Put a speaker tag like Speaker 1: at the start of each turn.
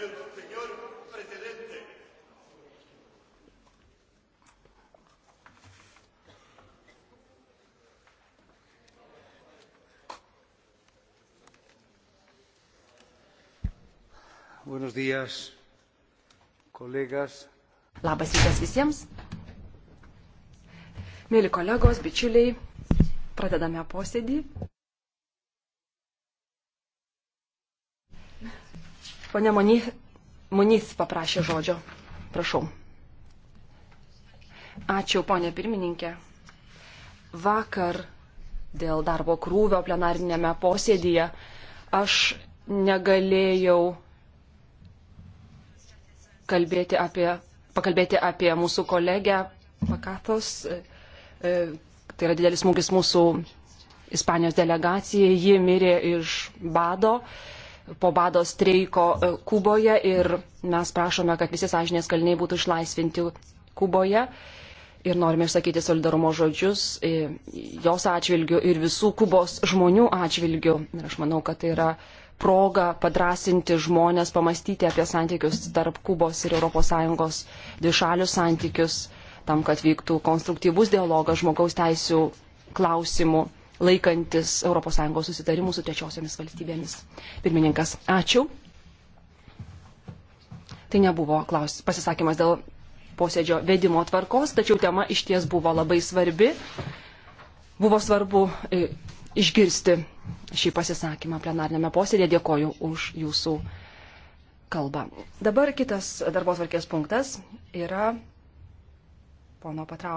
Speaker 1: el señor presidente. Buenos días, kolegas.
Speaker 2: Labas rytas visiems. Mėly kolegos, bičiuliai, pradedame posėdį. Pone Munys paprašė žodžio. Prašau. Ačiū, ponė pirmininkė. Vakar dėl darbo krūvio plenarinėme posėdyje aš negalėjau kalbėti apie, pakalbėti apie mūsų kolegę Pakatos. E, tai yra didelis smūgis mūsų Ispanijos delegacijai. Ji mirė iš bado po bado streiko e, Kuboje ir mes prašome, kad visi sąžinės kaliniai būtų išlaisvinti Kuboje. Ir norime išsakyti solidarumo žodžius e, jos atžvilgių ir visų Kubos žmonių atžvilgių. Ir aš manau, kad tai yra proga padrasinti žmonės, pamastyti apie santykius tarp Kubos ir ES dvišalius santykius, tam, kad vyktų konstruktyvus dialogas žmogaus teisų klausimų laikantis ES susitarimų su trečiosiomis valstybėmis. Pirmininkas, ačiū. Tai nebuvo klaus, pasisakymas dėl posėdžio vedimo tvarkos, tačiau tema iš ties buvo labai svarbi. Buvo svarbu e, išgirsti šį pasisakymą plenarnėme posėdėje. Dėkoju už jūsų kalbą. Dabar kitas darbos varkės punktas yra pono Patrao.